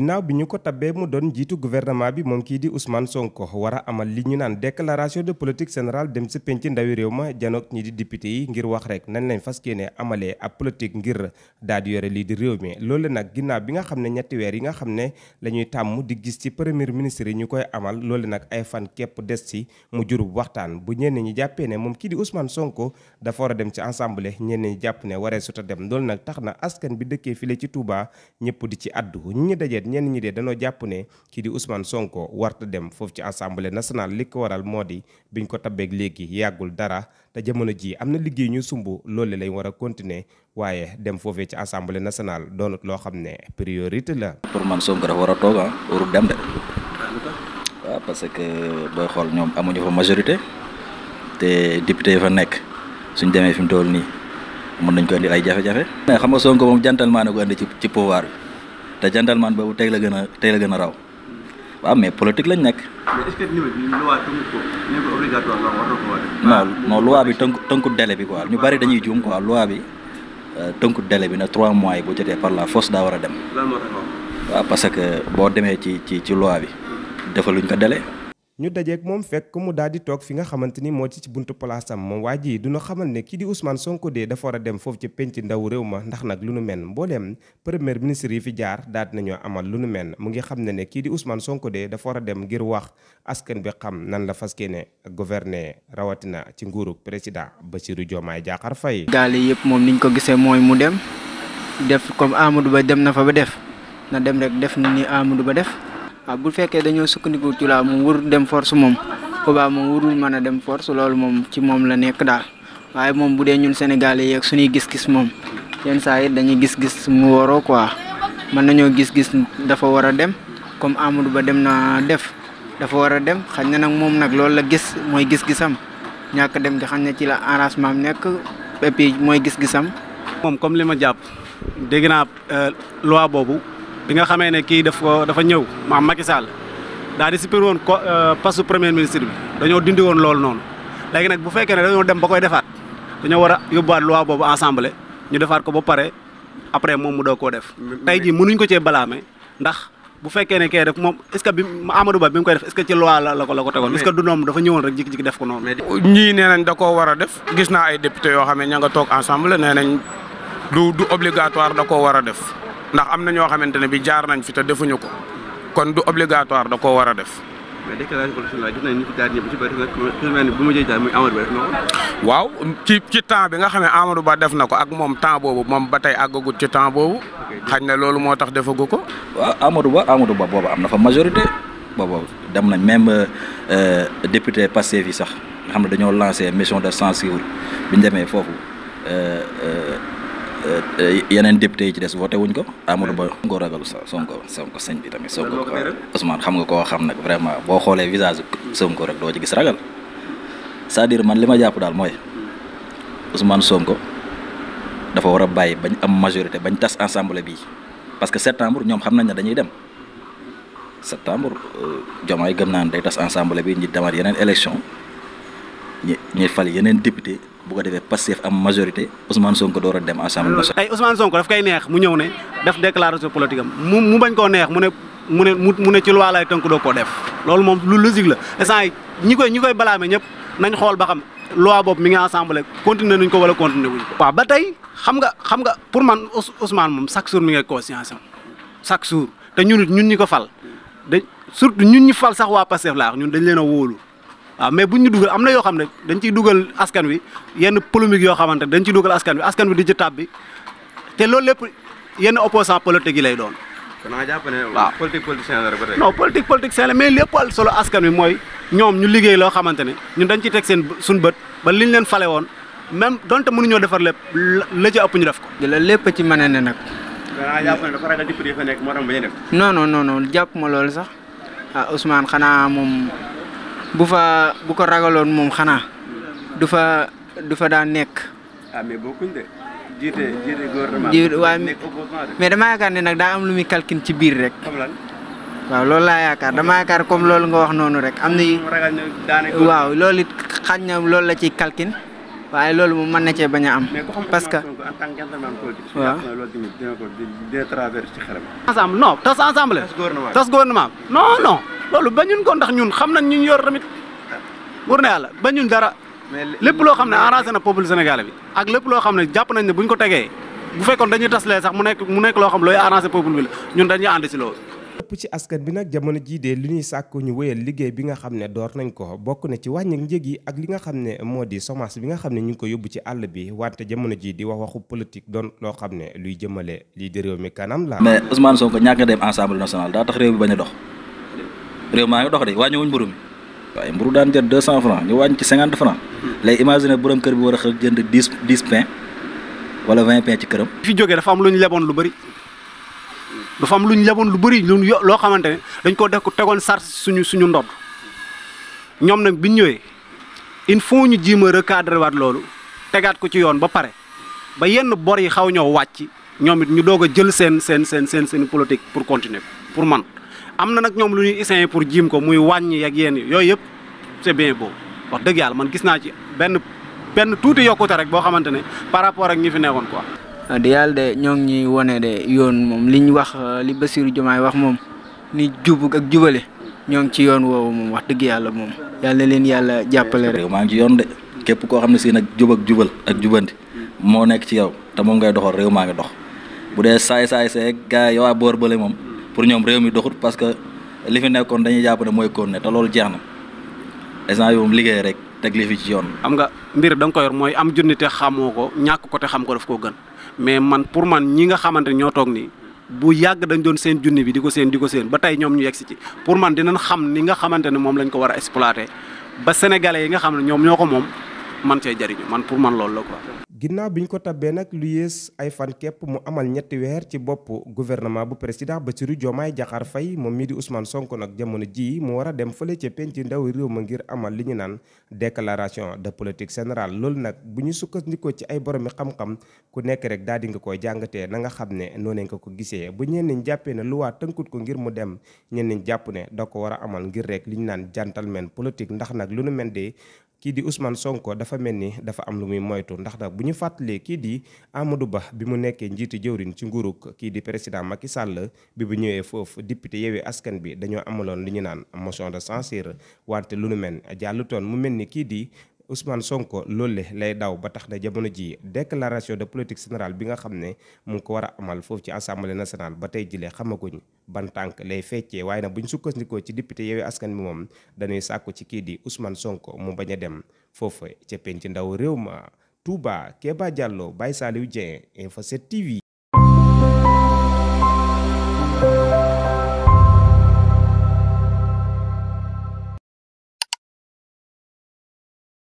ginnaaw bi ñu ko tabbee mu doon jiitu gouvernement bi moom kii di Ousmane Sonko war a amal li ñu naan déclaration de politique générale dem si penc ndawi réew ma janoog ñi di député wax rek nañ lañ fas amalee ab politique ngir daal di yore lii di réew mi loolu nag ginnaaw bi nga xam ne ñetti weer yi nga xam ne la ñuy tàmm di gis ci premier ministre yi ñu koy amal loolu nag ay fan képp des si mu jurub waxtaan bu ñenn ñi jàppee ne moom kii di Ousmane Sonko dafa war a dem ci ensemble ñenn ñi jàpp ne waree suta dem loolu nag tax na askan bi dëkkee file ci Touba ñëpp di ci addu ñi dajeet ñenn ñi de dañoo jàpp ne kii di Ousmane Sonko warta dem foofu ci assemblée national li ko waral moo di biñ ko tabeek léegi yàggul dara te jamono ji am na liggéey ñu sumb loolu lañ war a continuer waaye dem foofee ci assemblée national doonut loo xam ne priorité la. pour man Sonko dafa war a toog ah warul dem de. parce que booy xool ñoom amuñu fa majorité te député fa nekk suñ demee fi mu toll nii mën nañ ko indi ay jafe-jafe. xam nga Sonko moom jantal maa ko ci ci pouvoir te gentleman boobu tey la gën a tey la gën a raw waaw mais politique lañ nekk. mais est-ce bi tënku tënku délai bi quoi ñu bari dañuy juum quoi loi bi euh, tënku délai bi nag trois mois yi bu jotee par la force daa war a dem. waaw parce que boo demee ci ci ci loi bi defaluñ ko délai. ñu dajeek moom fekk mu daal di toog fi nga xamante ni moo ci ci buntu palaasam moom waa ji duna xamal ne kii di Ousmane Sonko dee dafa war a dem foofu ci penc ndaw réew ma ndax nag lu nu mel mbooleem premier ministre yi fi jaar daat nañoo amal lu nu mel mu ngi xam ne ne kii di Ousmane Sonko dee dafa a dem ngir wax askan bi xam nan la fas ne gouverner rawatina ci nguurug président Bassirou Diomaye Diakhar Faye. gaal yi yëpp moom niñ ko gisee mooy mu dem def comme Amadou Ba dem na fa ba def na dem rek def ni Amadou Ba def. waaw bu fekkee dañoo sukkandiku ci laa moom warul dem force moom Koba moom warul mën a dem force loolu moom ci moom la nekk daal waaye moom bu dee ñun Sénégalais yeeg suñuy gis-gis moom yenn saa yi dañuy gis-gis mu waroo quoi mën nañoo gis-gis dafa war a dem comme Amadou Ba dem na def dafa war a dem xañ na nag moom nag loolu la gis mooy gis-gisam ñàkk dem gi xam ne ci la arrangement am nekk et mooy gis-gisam. moom comme li jàpp dégg naa euh, boobu. bi nga xamee ne kii daf ko dafa ñëw maam Macky Sall daa di supprimer woon ko euh, pasu premier ministre bi dañoo dindi woon loolu noonu léegi nag bu fekkee ne dañoo dem ba koy defaat dañoo war a yóbbuwaat loi boobu assemblée ñu defaat ko ba pare après moom mu doo koo def. tey jii mënuñ ko balaa balaame ndax. bu fekkee ne kay def moom est-ce que bi Ba bi mu koy def est ci loi la la ko la ko tegoon est-ce que du noom dafa ñëwoon rek jikki-jikki def ko noonu ñii nee nañ da koo war a gis naa ay député yoo ne ña nga toog ensemble nee nañ du du da koo war a def ndax am na ñoo xamante ne bi jaar nañ fi te defuñu ko kon du obligatoire da koo war a def. mais déclaration constitutionnelle gis nañ ñu ci bu ma jëlee daal muy Amadou Ba waaw ci ci temps bi nga xam ne Amadou Ba def na ko ak moom temps boobu moom ba tey àggagut ci temps boobu. xañ na loolu moo tax defagu ko. waaw Amadou Ba Amadou Ba boobu am na fa majorité boobu dem nañ même euh, député Pastef yi sax xam ne dañoo lancé mission de censure bi ñu demee foofu. Euh, euh, Eh, eh, yeneen député yi ci des voté wuñ ko Amadou Ba ko ragal Sonko Sonko señ bi tamit Sonko ko Ousmane xam nga koo xam nag vraiment boo xoolee visage Sonko rek doo ci gis ragal cest à man li ma jàpp daal mooy Ousmane Sonko dafa war a bàyyi bañ am majorité bañ tas ensemble bi parce que septembre ñoom xam nañ ne dañuy dem septembre euh, Diomaye gëm naa ne day tas ensemble bi ñi demaat yeneen élection ñuy fal yeneen député bu ko defee Pastef am majorité Ousmane Sonko door a dem assemblée nationale. ay Ousmane Sonko daf koy neex mu ñëw ne def déclaration politique am mu mu bañ koo neex mu ne ci loi lay tënk doo koo def loolu moom lu logique la instant yi ñi koy ñi balaame ñëpp nañ xool ba xam loi boob mi ngi assemblée continuer nuñ ko wala continuer wuñ ko. ba tey xam nga xam nga pour man Ousmane moom chaque jour mi ngi conscience am chaque jour te ñun ñun ñi ko fal da surtout ñun ñi fal sax waa Pastef laa ñun dañ leen a wóolu. waaw ah, mais buñ ñu dugal am na yoo xam ne dañ ciy dugal askan wi yenn polémique yoo xamante ne dañ ciy dugal askan wi askan wi di ji tàbbi te loolu lépp yenn opposant politique yi lay doon. kon nga jàpp ne waaw politique politicien la rek ba tey non politique politicien la mais lépp wi mooy ñoom ñu liggéey loo xamante ne ñun dañ ci teg seen suñ bët ba liñ leen fale woon même donte mënuñoo defar lépp la ci ñu def ko. la lépp ci mën ne nag. danaa jàpp ne dafa ragal député fa nekk moo jàpp ma lool sax ah Ousmane xanaa moom bu fa bu ko ragaloon moom xanaa du fa du fa daan nekk. ah mais bokkuñ de mais dama yaakaar ne nag daa am lu muy calcul ci biir rek. waaw loolu laa yaakaar dama yaakaar comme loolu nga wax noonu rek am na. waaw loolu it xañ na loolu la ciy calcul. waaye loolu moom mën na cee bañ a am. parce que waaw. tas ensemble. tas gouvernement non non. loolu bañun ko ndax ñun xam nañ ñu yor tamit wër na yàlla bañun dara. lépp loo xam ne arrangé na peuple sénégalais bi ak lépp loo xam ne jàpp nañ ne bu ñu ko tegee bu fekkoon dañuy tas taslee sax mu nekk mu nekk loo xam looy arrangé peuple bi la ñun dañuy ànd si bi nag jamono jii de li ñuy sàkk ñu wéyal liggéey bi nga xam ne door nañ ko bokk na ci wax wàññi njëg yi ak li nga xam ne moo di semence bi nga xam ne ñu ngi ko yóbbu ci àll bi wante jamono jii di wax waxu politique doon loo xam ne luy jëmale lii di réew mi kanam la mais ñàkk a dem ensemble national daa tax réew bañ a dox. réew maa ngi dox de wàññiwuñ mburu mi waaye mburu daan jël deux cent franc ñu wàññi ci cinquante franc hmm. lay imaginer borom kër bi war a xëy jënd dix wala vingt pain ci këram. fi jógee dafa lu ñu leboon lu bëri lu ñu leboon lu bëri lu loo xamante ne dañ ko def tegoon sar suñu suñu ndodd ñoom nag bi ñu ñëwee il faut ñu jéem a recadrer waat loolu tegaat ko ci yoon ba pare ba yenn bor yi xaw ñoo wàcc ñoom it ñu doog a jël seen seen seen seen seen politique pour continuer pour man. am na nag ñoom lu ñuy essayer pour jiim ko muy wàññi ak yéen yooyu yëpp c'est bien beau wax dëgg yàlla man gis naa ci benn benn tuuti yokkute rek boo xamante ne par rapport ak ñi fi nekkoon quoi. di yàlla de ñoo ngi ñuy wane de yoon moom li ñu wax li Bassirou Diomaye wax moom ni jub ak jubale ñoo ngi ci yoon woowu moom wax dëgg yàlla moom yàlla leen yàlla jàppale rek. maa ngi ci yoon de képp koo xam ne si nag jub ak jubal ak jubanti moo nekk ci yow te moom ngay doxol réew maa ngi dox bu dee saay saay seeg gars yi moom. pour ñoom réew mi doxut parce que li fi nekkoon dañuy jàpp ne mooy koon ne te loolu jeex na instant moom liggéey rek teg li fi ci yoon. xam nga mbir da nga yor mooy am junni te xamoo ko ñàkk ko te xam ko daf koo gën mais man pour man ñi nga xamante ni ñoo toog nii bu yàgg dañ doon seen junni bi di ko seen di ko seen ba tey ñoom ñu yegg si ci pour man dinañ xam ni nga xamante ne moom lañ ko war a exploité ba sénégalais yi nga xam ne ñoom ñoo ko moom man cee jariñu man pour man loolu la ko ginnaaw bi ñu ko tabee nag lu yées ay fan képp mu amal ñetti weer ci bopp gouvernement bu président Bassirou Diomaye Diakhar fay moom mii di Ousmane Sonko nag jamono jii mu war a dem fële ca penc ndaw réew ma ngir amal li ñu naan déclaration de politique générale loolu nag bu ñu sukkandikoo ci ay boromi xam-xam ku nekk rek daal di nga koy jàngatee na nga xam ne noonu nga ko gisee bu ñenn ñi jàppee ne luwaa tënkut ko ngir mu dem ñenn ñi jàpp ne da ko war a amal ngir rek li ñu naan gentleman politique ndax nag lu nu mel de kii di Ousmane Sonko dafa mel ni dafa am lu muy moytu ndax nag bu ñu fàttalee kii di Amadou Ba bi mu nekkee njiitu jëwrin ci nguurug kii di président Macky Sall bi bu ñëwee foofu député Yewwi Askan bi dañoo amaloon li ñu naan motion de censure wante lu nu mel ni toon mu mel ni kii di Ousmane Sonko loolu lay daw ba tax na jamono ji déclaration de politique générale bi nga xam ne mu ngi ko war a amal foofu ci assemblée nationale ba tey jilee xamaguñ ban tànk lay feccee waaye nag buñ sukkandikoo ci député Yewwi Askan Wi moom dañuy sàkku ci kii di Ousmane Sonko mu bañ a dem foofu ca penc ndaw réew ma Touba Keba Diallo Baye Saliou Dieng Info 7 TV